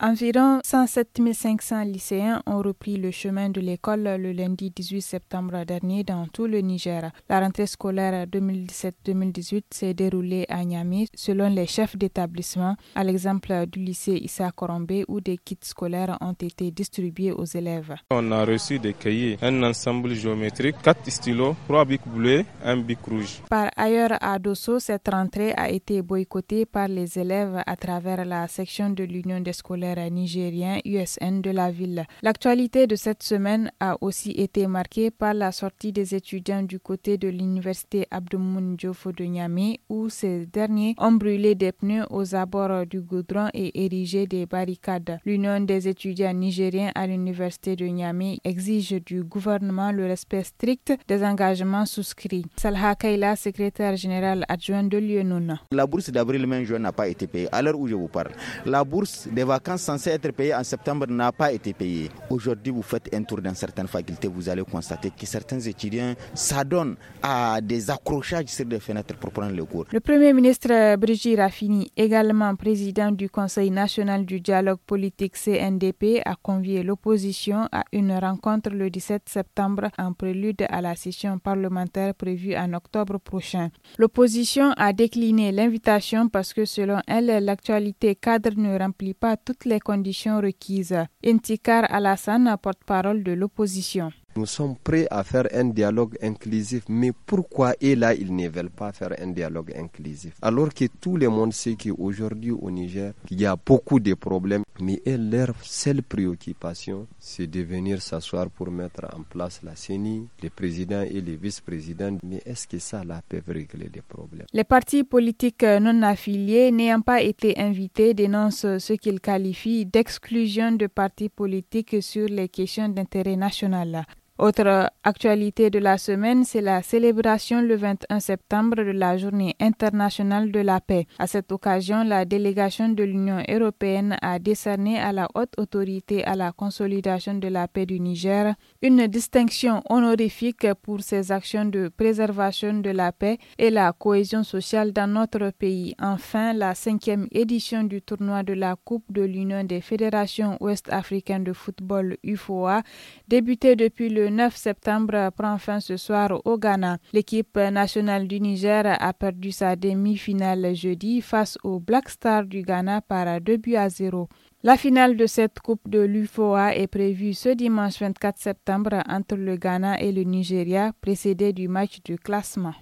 Environ 107 500 lycéens ont repris le chemin de l'école le lundi 18 septembre dernier dans tout le Niger. La rentrée scolaire 2017-2018 s'est déroulée à Niamey selon les chefs d'établissement, à l'exemple du lycée Issa Korombe où des kits scolaires ont été distribués aux élèves. On a reçu des cahiers, un ensemble géométrique, quatre stylos, trois bics bleus, un bic rouge. Par ailleurs, à Dosso, cette rentrée a été boycottée par les élèves à travers la section de l'Union des scolaires nigérien USN de la ville. L'actualité de cette semaine a aussi été marquée par la sortie des étudiants du côté de l'université Abdoumoun Diofo de Niamey où ces derniers ont brûlé des pneus aux abords du goudron et érigé des barricades. L'Union des étudiants nigériens à l'université de Niamey exige du gouvernement le respect strict des engagements souscrits. Salha Kaila, secrétaire général adjoint de l'UNUNA. La bourse d'avril-mai-juin n'a pas été payée à l'heure où je vous parle. La bourse des vacances censé être payé en septembre n'a pas été payé. Aujourd'hui, vous faites un tour dans certaines facultés, vous allez constater que certains étudiants s'adonnent à des accrochages sur des fenêtres pour prendre le cours. Le Premier ministre Brigitte Raffini, également président du Conseil national du dialogue politique CNDP, a convié l'opposition à une rencontre le 17 septembre en prélude à la session parlementaire prévue en octobre prochain. L'opposition a décliné l'invitation parce que selon elle, l'actualité cadre ne remplit pas toutes les conditions requises. Intikar Alassane, porte-parole de l'opposition. Nous sommes prêts à faire un dialogue inclusif, mais pourquoi et là ils ne veulent pas faire un dialogue inclusif Alors que tout le monde sait qu'aujourd'hui au Niger, il y a beaucoup de problèmes, mais leur seule préoccupation, c'est de venir s'asseoir pour mettre en place la CENI, les présidents et les vice-présidents. Mais est-ce que ça là peut régler les problèmes Les partis politiques non affiliés n'ayant pas été invités dénoncent ce qu'ils qualifient d'exclusion de partis politiques sur les questions d'intérêt national. Autre actualité de la semaine, c'est la célébration le 21 septembre de la Journée internationale de la paix. À cette occasion, la délégation de l'Union européenne a décerné à la haute autorité à la consolidation de la paix du Niger une distinction honorifique pour ses actions de préservation de la paix et la cohésion sociale dans notre pays. Enfin, la cinquième édition du tournoi de la Coupe de l'Union des fédérations ouest-africaines de football UFOA, débutée depuis le le 9 septembre prend fin ce soir au Ghana. L'équipe nationale du Niger a perdu sa demi-finale jeudi face aux Black Stars du Ghana par 2 buts à 0. La finale de cette Coupe de l'UFOA est prévue ce dimanche 24 septembre entre le Ghana et le Nigeria, précédée du match de classement.